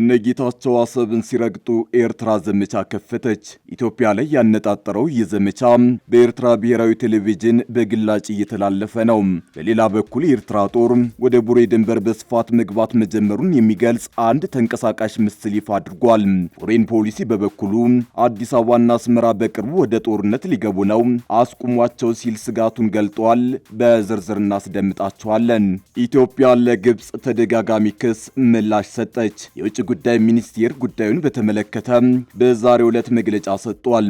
እነ ጌታቸው አሰብን ሲረግጡ ኤርትራ ዘመቻ ከፈተች። ኢትዮጵያ ላይ ያነጣጠረው ይህ ዘመቻ በኤርትራ ብሔራዊ ቴሌቪዥን በግላጭ እየተላለፈ ነው። በሌላ በኩል የኤርትራ ጦር ወደ ቡሬ ድንበር በስፋት መግባት መጀመሩን የሚገልጽ አንድ ተንቀሳቃሽ ምስል ይፋ አድርጓል። ፎሬን ፖሊሲ በበኩሉ አዲስ አበባና አስመራ በቅርቡ ወደ ጦርነት ሊገቡ ነው፣ አስቁሟቸው ሲል ስጋቱን ገልጧል። በዝርዝር እናስደምጣቸዋለን። ኢትዮጵያ ለግብፅ ተደጋጋሚ ክስ ምላሽ ሰጠች። ጉዳይ ሚኒስቴር ጉዳዩን በተመለከተ በዛሬ ዕለት መግለጫ ሰጥቷል።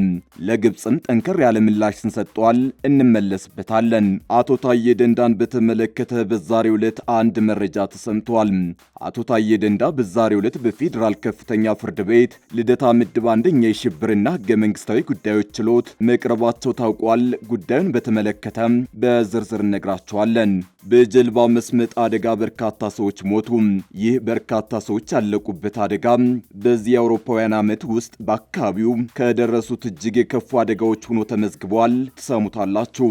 ለግብፅም ጠንከር ያለ ምላሽን ሰጥቷል። እንመለስበታለን። አቶ ታዬ ደንዳን በተመለከተ በዛሬ ዕለት አንድ መረጃ ተሰምቷል። አቶ ታዬ ደንዳ በዛሬ ዕለት በፌዴራል ከፍተኛ ፍርድ ቤት ልደታ ምድብ አንደኛ የሽብርና ህገ መንግስታዊ ጉዳዮች ችሎት መቅረባቸው ታውቋል። ጉዳዩን በተመለከተ በዝርዝር እነግራቸዋለን። በጀልባ መስመጥ አደጋ በርካታ ሰዎች ሞቱ። ይህ በርካታ ሰዎች ያለቁ በደረሰበት አደጋ በዚህ የአውሮፓውያን ዓመት ውስጥ በአካባቢው ከደረሱት እጅግ የከፉ አደጋዎች ሆኖ ተመዝግበዋል። ትሰሙታላችሁ።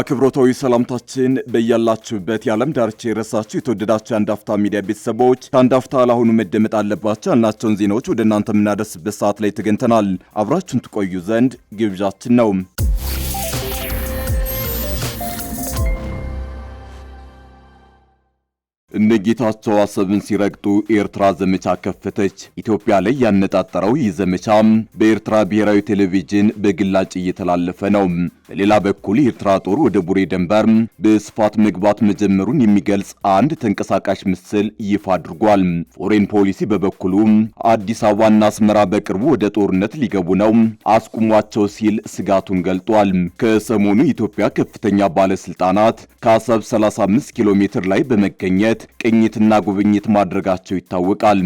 አክብሮታዊ ሰላምታችን በያላችሁበት የዓለም ዳርቻ የረሳችሁ የተወደዳችሁ የአንዳፍታ ሚዲያ ቤተሰቦች ከአንዳፍታ ለአሁኑ መደመጥ አለባቸው ያልናቸውን ዜናዎች ወደ እናንተ የምናደርስበት ሰዓት ላይ ተገኝተናል። አብራችሁን ትቆዩ ዘንድ ግብዣችን ነው። እነጌታቸው አሰብን ሲረግጡ ኤርትራ ዘመቻ ከፈተች። ኢትዮጵያ ላይ ያነጣጠረው ይህ ዘመቻ በኤርትራ ብሔራዊ ቴሌቪዥን በግላጭ እየተላለፈ ነው። በሌላ በኩል የኤርትራ ጦር ወደ ቡሬ ድንበር በስፋት መግባት መጀመሩን የሚገልጽ አንድ ተንቀሳቃሽ ምስል ይፋ አድርጓል። ፎሬን ፖሊሲ በበኩሉ አዲስ አበባና አስመራ በቅርቡ ወደ ጦርነት ሊገቡ ነው፣ አስቁሟቸው ሲል ስጋቱን ገልጧል። ከሰሞኑ የኢትዮጵያ ከፍተኛ ባለስልጣናት ከአሰብ 35 ኪሎ ሜትር ላይ በመገኘት ቅኝትና ጉብኝት ማድረጋቸው ይታወቃል።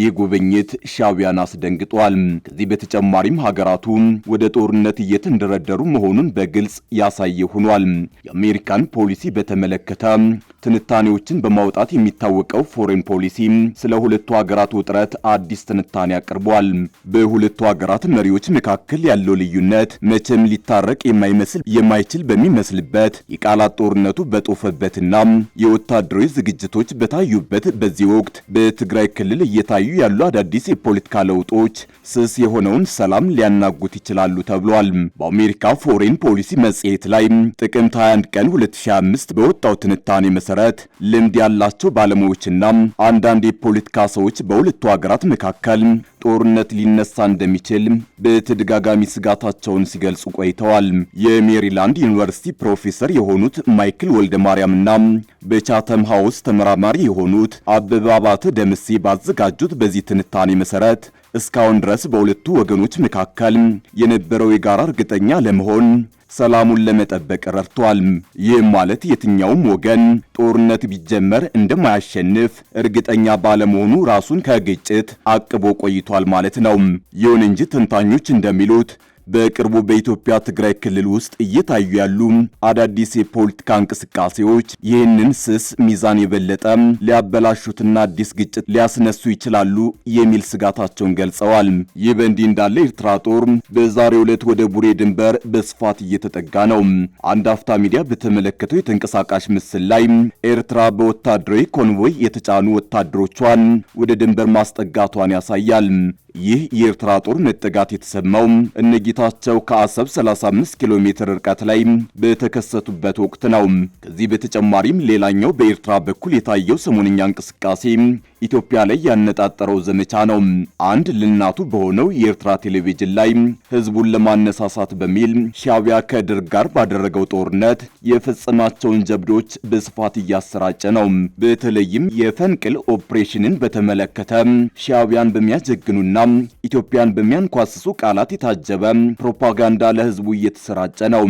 ይህ ጉብኝት ሻቢያን አስደንግጧል። ከዚህ በተጨማሪም ሀገራቱ ወደ ጦርነት እየተንደረደሩ መሆኑን በግልጽ ያሳየ ሆኗል። የአሜሪካን ፖሊሲ በተመለከተ ትንታኔዎችን በማውጣት የሚታወቀው ፎሬን ፖሊሲ ስለ ሁለቱ ሀገራት ውጥረት አዲስ ትንታኔ አቅርቧል። በሁለቱ ሀገራት መሪዎች መካከል ያለው ልዩነት መቼም ሊታረቅ የማይመስል የማይችል በሚመስልበት የቃላት ጦርነቱ በጦፈበትና የወታደሮች ዝግጅቶች ግጭቶች በታዩበት በዚህ ወቅት በትግራይ ክልል እየታዩ ያሉ አዳዲስ የፖለቲካ ለውጦች ስስ የሆነውን ሰላም ሊያናጉት ይችላሉ ተብሏል። በአሜሪካ ፎሬን ፖሊሲ መጽሔት ላይ ጥቅምት 21 ቀን 2025 በወጣው ትንታኔ መሰረት ልምድ ያላቸው ባለሙያዎችና አንዳንድ የፖለቲካ ሰዎች በሁለቱ ሀገራት መካከል ጦርነት ሊነሳ እንደሚችል በተደጋጋሚ ስጋታቸውን ሲገልጹ ቆይተዋል። የሜሪላንድ ዩኒቨርሲቲ ፕሮፌሰር የሆኑት ማይክል ወልደ ማርያምና በቻተም ሃውስ ተመራማሪ የሆኑት አበበ አባተ ደምሴ ባዘጋጁት በዚህ ትንታኔ መሰረት እስካሁን ድረስ በሁለቱ ወገኖች መካከል የነበረው የጋራ እርግጠኛ ለመሆን ሰላሙን ለመጠበቅ ረድቷል። ይህም ማለት የትኛውም ወገን ጦርነት ቢጀመር እንደማያሸንፍ እርግጠኛ ባለመሆኑ ራሱን ከግጭት አቅቦ ቆይቷል ማለት ነው። ይሁን እንጂ ተንታኞች እንደሚሉት በቅርቡ በኢትዮጵያ ትግራይ ክልል ውስጥ እየታዩ ያሉ አዳዲስ የፖለቲካ እንቅስቃሴዎች ይህንን ስስ ሚዛን የበለጠ ሊያበላሹትና አዲስ ግጭት ሊያስነሱ ይችላሉ የሚል ስጋታቸውን ገልጸዋል። ይህ በእንዲህ እንዳለ ኤርትራ ጦር በዛሬው ዕለት ወደ ቡሬ ድንበር በስፋት እየተጠጋ ነው። አንድ አፍታ ሚዲያ በተመለከተው የተንቀሳቃሽ ምስል ላይ ኤርትራ በወታደራዊ ኮንቮይ የተጫኑ ወታደሮቿን ወደ ድንበር ማስጠጋቷን ያሳያል። ይህ የኤርትራ ጦር መጠጋት የተሰማው እነጌታቸው ከአሰብ 35 ኪሎ ሜትር ርቀት ላይ በተከሰቱበት ወቅት ነው። ከዚህ በተጨማሪም ሌላኛው በኤርትራ በኩል የታየው ሰሞንኛ እንቅስቃሴ ኢትዮጵያ ላይ ያነጣጠረው ዘመቻ ነው። አንድ ልናቱ በሆነው የኤርትራ ቴሌቪዥን ላይ ህዝቡን ለማነሳሳት በሚል ሻቢያ ከድር ጋር ባደረገው ጦርነት የፈጸማቸውን ጀብዶች በስፋት እያሰራጨ ነው። በተለይም የፈንቅል ኦፕሬሽንን በተመለከተ ሻቢያን በሚያጀግኑና ኢትዮጵያን በሚያንኳስሱ ቃላት የታጀበ ፕሮፓጋንዳ ለህዝቡ እየተሰራጨ ነው።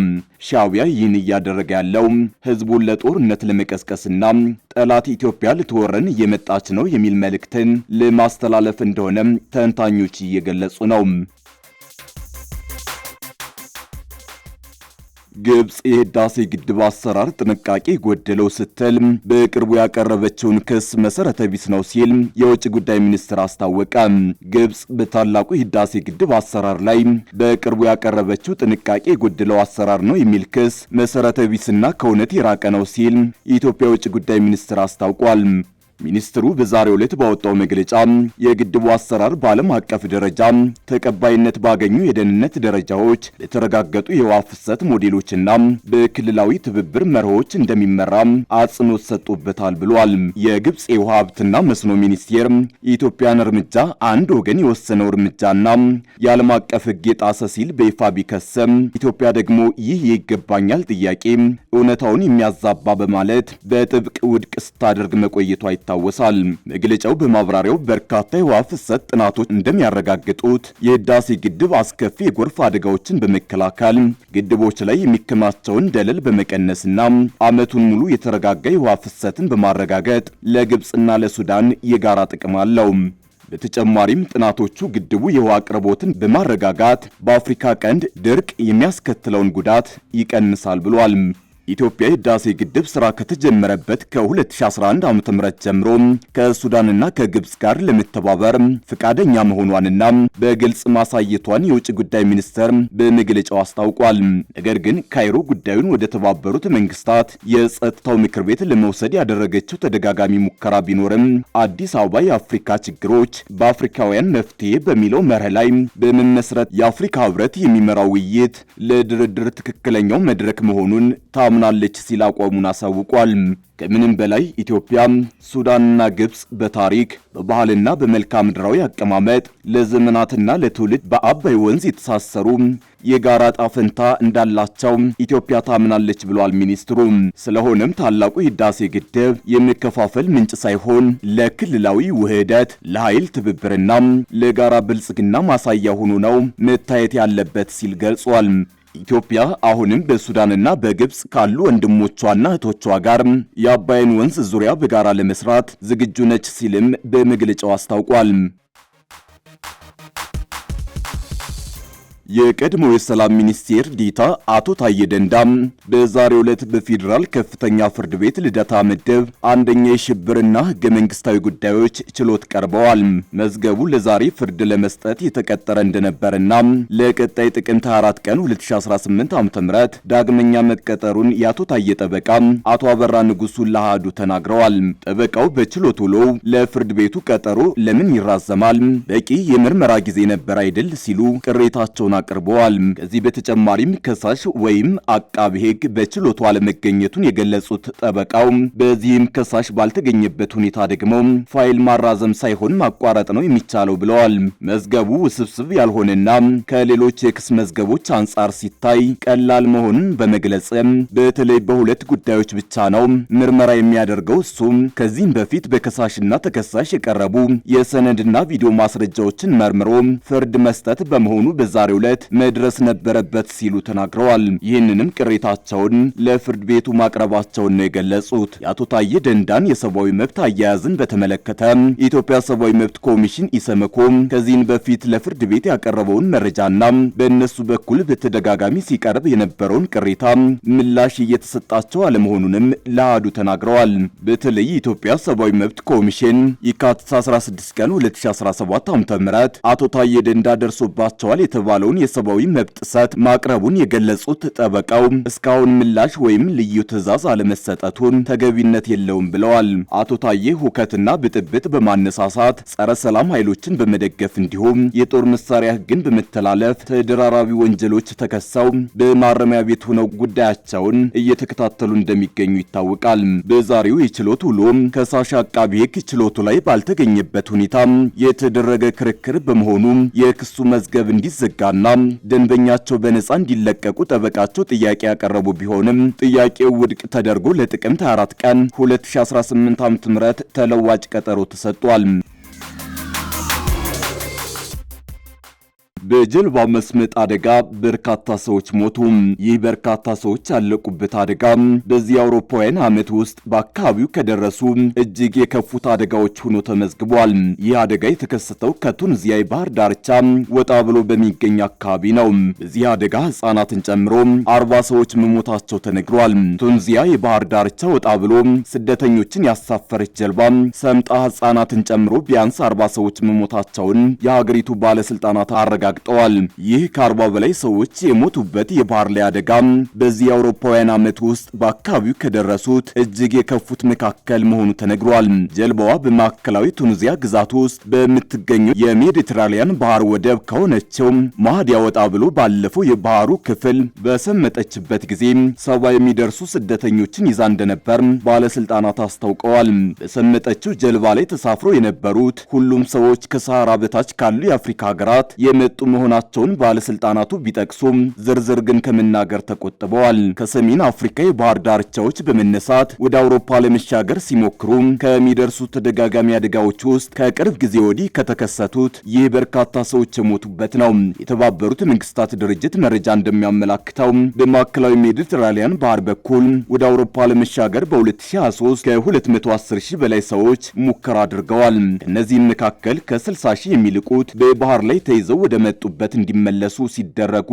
ሻቢያ ይህን እያደረገ ያለው ህዝቡን ለጦርነት ለመቀስቀስና ጠላት ኢትዮጵያ ልትወረን እየመጣች ነው የሚል መልእክትን ለማስተላለፍ እንደሆነ ተንታኞች እየገለጹ ነው። ግብጽ የህዳሴ ግድብ አሰራር ጥንቃቄ ጎደለው ስትል በቅርቡ ያቀረበችውን ክስ መሰረተ ቢስ ነው ሲል የውጭ ጉዳይ ሚኒስትር አስታወቀ። ግብጽ በታላቁ የህዳሴ ግድብ አሰራር ላይ በቅርቡ ያቀረበችው ጥንቃቄ ጎደለው አሰራር ነው የሚል ክስ መሰረተ ቢስና ከእውነት የራቀ ነው ሲል የኢትዮጵያ የውጭ ጉዳይ ሚኒስትር አስታውቋል። ሚኒስትሩ በዛሬው ዕለት ባወጣው መግለጫ የግድቡ አሰራር በዓለም አቀፍ ደረጃ ተቀባይነት ባገኙ የደህንነት ደረጃዎች በተረጋገጡ የውሃ ፍሰት ሞዴሎችና በክልላዊ ትብብር መርሆች እንደሚመራ አጽንኦት ሰጥቶበታል ብሏል። የግብፅ የውሃ ሀብትና መስኖ ሚኒስቴር የኢትዮጵያን እርምጃ አንድ ወገን የወሰነው እርምጃና የዓለም አቀፍ ሕግ የጣሰ ሲል በይፋ ቢከሰም ኢትዮጵያ ደግሞ ይህ የይገባኛል ጥያቄ እውነታውን የሚያዛባ በማለት በጥብቅ ውድቅ ስታደርግ መቆየቷ አይታል ይታወሳል። መግለጫው በማብራሪያው በርካታ የውሃ ፍሰት ጥናቶች እንደሚያረጋግጡት የህዳሴ ግድብ አስከፊ የጎርፍ አደጋዎችን በመከላከል ግድቦች ላይ የሚከማቸውን ደለል በመቀነስና ዓመቱን ሙሉ የተረጋጋ የውሃ ፍሰትን በማረጋገጥ ለግብፅና ለሱዳን የጋራ ጥቅም አለው። በተጨማሪም ጥናቶቹ ግድቡ የውሃ አቅርቦትን በማረጋጋት በአፍሪካ ቀንድ ድርቅ የሚያስከትለውን ጉዳት ይቀንሳል ብሏል። የኢትዮጵያ የህዳሴ ግድብ ስራ ከተጀመረበት ከ2011 ዓ.ም ጀምሮ ከሱዳንና ከግብፅ ጋር ለመተባበር ፈቃደኛ መሆኗንና በግልጽ ማሳየቷን የውጭ ጉዳይ ሚኒስቴር በመግለጫው አስታውቋል። ነገር ግን ካይሮ ጉዳዩን ወደ ተባበሩት መንግስታት የጸጥታው ምክር ቤት ለመውሰድ ያደረገችው ተደጋጋሚ ሙከራ ቢኖርም አዲስ አበባ የአፍሪካ ችግሮች በአፍሪካውያን መፍትሄ በሚለው መርህ ላይ በመመስረት የአፍሪካ ህብረት የሚመራው ውይይት ለድርድር ትክክለኛው መድረክ መሆኑን ታምኖ ታምናለች ሲል አቋሙን አሳውቋል። ከምንም በላይ ኢትዮጵያ፣ ሱዳንና ግብጽ በታሪክ በባህልና በመልክዓ ምድራዊ አቀማመጥ ለዘመናትና ለትውልድ በአባይ ወንዝ የተሳሰሩ የጋራ ጣፈንታ እንዳላቸው ኢትዮጵያ ታምናለች ብሏል ሚኒስትሩ። ስለሆነም ታላቁ የህዳሴ ግድብ የመከፋፈል ምንጭ ሳይሆን ለክልላዊ ውህደት፣ ለኃይል ትብብርና ለጋራ ብልጽግና ማሳያ ሆኖ ነው መታየት ያለበት ሲል ገልጿል። ኢትዮጵያ አሁንም በሱዳንና በግብጽ ካሉ ወንድሞቿና እህቶቿ ጋር የአባይን ወንዝ ዙሪያ በጋራ ለመስራት ዝግጁ ነች ሲልም በመግለጫው አስታውቋል። የቀድሞ የሰላም ሚኒስቴር ዲታ አቶ ታዬ ደንዳም በዛሬው ዕለት በፌዴራል ከፍተኛ ፍርድ ቤት ልደታ ምድብ አንደኛ የሽብርና ሕገ መንግስታዊ ጉዳዮች ችሎት ቀርበዋል። መዝገቡ ለዛሬ ፍርድ ለመስጠት የተቀጠረ እንደነበርና ለቀጣይ ጥቅምት 4 ቀን 2018 ዓ.ም ዳግመኛ መቀጠሩን የአቶ ታዬ ጠበቃ አቶ አበራ ንጉሱ ለአሃዱ ተናግረዋል። ጠበቃው በችሎት ውሎው ለፍርድ ቤቱ ቀጠሮ ለምን ይራዘማል? በቂ የምርመራ ጊዜ ነበር አይደል? ሲሉ ቅሬታቸውን አቅርበዋል። ከዚህ በተጨማሪም ከሳሽ ወይም አቃቢ ሕግ በችሎቱ አለመገኘቱን የገለጹት ጠበቃው በዚህም ከሳሽ ባልተገኘበት ሁኔታ ደግሞ ፋይል ማራዘም ሳይሆን ማቋረጥ ነው የሚቻለው ብለዋል። መዝገቡ ውስብስብ ያልሆነና ከሌሎች የክስ መዝገቦች አንጻር ሲታይ ቀላል መሆኑን በመግለጽ በተለይ በሁለት ጉዳዮች ብቻ ነው ምርመራ የሚያደርገው እሱም ከዚህም በፊት በከሳሽና ተከሳሽ የቀረቡ የሰነድና ቪዲዮ ማስረጃዎችን መርምሮ ፍርድ መስጠት በመሆኑ በዛሬው ላይ ስምምነት መድረስ ነበረበት ሲሉ ተናግረዋል። ይህንንም ቅሬታቸውን ለፍርድ ቤቱ ማቅረባቸውን ነው የገለጹት። የአቶ ታዬ ደንዳን የሰብአዊ መብት አያያዝን በተመለከተ የኢትዮጵያ ሰብአዊ መብት ኮሚሽን ኢሰመኮ ከዚህን በፊት ለፍርድ ቤት ያቀረበውን መረጃና በእነሱ በኩል በተደጋጋሚ ሲቀርብ የነበረውን ቅሬታ ምላሽ እየተሰጣቸው አለመሆኑንም ለአዱ ተናግረዋል። በተለይ የኢትዮጵያ ሰብአዊ መብት ኮሚሽን የካቲት 16 ቀን 2017 ዓ.ም አቶ ታዬ ደንዳ ደርሶባቸዋል የተባለው ያለውን የሰብአዊ መብት ጥሰት ማቅረቡን የገለጹት ጠበቃው እስካሁን ምላሽ ወይም ልዩ ትዕዛዝ አለመሰጠቱን ተገቢነት የለውም ብለዋል። አቶ ታዬ ሁከትና ብጥብጥ በማነሳሳት ጸረ ሰላም ኃይሎችን በመደገፍ እንዲሁም የጦር መሳሪያ ሕግን በመተላለፍ ተደራራቢ ወንጀሎች ተከሰው በማረሚያ ቤት ሆነው ጉዳያቸውን እየተከታተሉ እንደሚገኙ ይታወቃል። በዛሬው የችሎት ውሎ ከሳሽ አቃቢ ሕግ ችሎቱ ላይ ባልተገኘበት ሁኔታ የተደረገ ክርክር በመሆኑ የክሱ መዝገብ እንዲዘጋ እንዲፈቱና ደንበኛቸው በነጻ እንዲለቀቁ ጠበቃቸው ጥያቄ ያቀረቡ ቢሆንም ጥያቄው ውድቅ ተደርጎ ለጥቅምት 4 ቀን 2018 ዓ.ም ተለዋጭ ቀጠሮ ተሰጥቷል። በጀልባ መስመጥ አደጋ በርካታ ሰዎች ሞቱ። ይህ በርካታ ሰዎች ያለቁበት አደጋ በዚህ የአውሮፓውያን ዓመት ውስጥ በአካባቢው ከደረሱ እጅግ የከፉት አደጋዎች ሆኖ ተመዝግቧል። ይህ አደጋ የተከሰተው ከቱኒዚያ የባህር ዳርቻ ወጣ ብሎ በሚገኝ አካባቢ ነው። በዚህ አደጋ ሕጻናትን ጨምሮ አርባ ሰዎች መሞታቸው ተነግሯል። ቱኒዚያ የባህር ዳርቻ ወጣ ብሎ ስደተኞችን ያሳፈረች ጀልባ ሰምጣ ሕጻናትን ጨምሮ ቢያንስ አርባ ሰዎች መሞታቸውን የሀገሪቱ ባለስልጣናት አረጋ አረጋግጠዋል። ይህ ከአርባ በላይ ሰዎች የሞቱበት የባህር ላይ አደጋ በዚህ የአውሮፓውያን ዓመት ውስጥ በአካባቢው ከደረሱት እጅግ የከፉት መካከል መሆኑ ተነግሯል። ጀልባዋ በማዕከላዊ ቱኒዚያ ግዛት ውስጥ በምትገኘው የሜዲትራሊያን ባህር ወደብ ከሆነችው ማህዲያ ወጣ ብሎ ባለፈው የባህሩ ክፍል በሰመጠችበት ጊዜ ሰባ የሚደርሱ ስደተኞችን ይዛ እንደነበር ባለስልጣናት አስታውቀዋል። በሰመጠችው ጀልባ ላይ ተሳፍሮ የነበሩት ሁሉም ሰዎች ከሰሃራ በታች ካሉ የአፍሪካ ሀገራት የመጡ እየመጡ መሆናቸውን ባለስልጣናቱ ቢጠቅሱም ዝርዝር ግን ከመናገር ተቆጥበዋል። ከሰሜን አፍሪካ የባህር ዳርቻዎች በመነሳት ወደ አውሮፓ ለመሻገር ሲሞክሩ ከሚደርሱ ተደጋጋሚ አደጋዎች ውስጥ ከቅርብ ጊዜ ወዲህ ከተከሰቱት ይህ በርካታ ሰዎች የሞቱበት ነው። የተባበሩት መንግስታት ድርጅት መረጃ እንደሚያመላክተው በማዕከላዊ ሜዲትራሊያን ባህር በኩል ወደ አውሮፓ ለመሻገር በ2023 ከ210 ሺህ በላይ ሰዎች ሙከራ አድርገዋል። ከእነዚህም መካከል ከ60 ሺህ የሚልቁት በባህር ላይ ተይዘው ወደ መ ከመጡበት እንዲመለሱ ሲደረጉ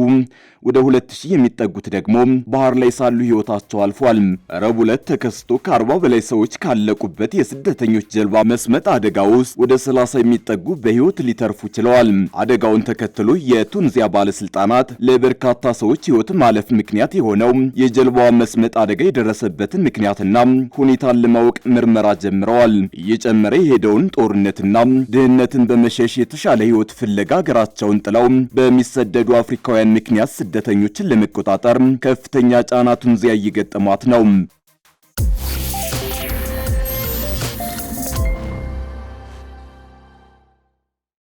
ወደ 2000 የሚጠጉት ደግሞ ባህር ላይ ሳሉ ህይወታቸው አልፏል። ረቡዕ ዕለት ተከስቶ ከ40 በላይ ሰዎች ካለቁበት የስደተኞች ጀልባ መስመጥ አደጋ ውስጥ ወደ 30 የሚጠጉ በህይወት ሊተርፉ ችለዋል። አደጋውን ተከትሎ የቱኒዚያ ባለስልጣናት ለበርካታ ሰዎች ህይወት ማለፍ ምክንያት የሆነው የጀልባዋ መስመጥ አደጋ የደረሰበትን ምክንያትና ሁኔታን ለማወቅ ምርመራ ጀምረዋል። እየጨመረ የሄደውን ጦርነትና ድህነትን በመሸሽ የተሻለ ህይወት ፍለጋ ሀገራቸውን ጥለው በሚሰደዱ አፍሪካውያን ምክንያት ስደተኞችን ለመቆጣጠር ከፍተኛ ጫና ቱኒዚያ እየገጠሟት ነው።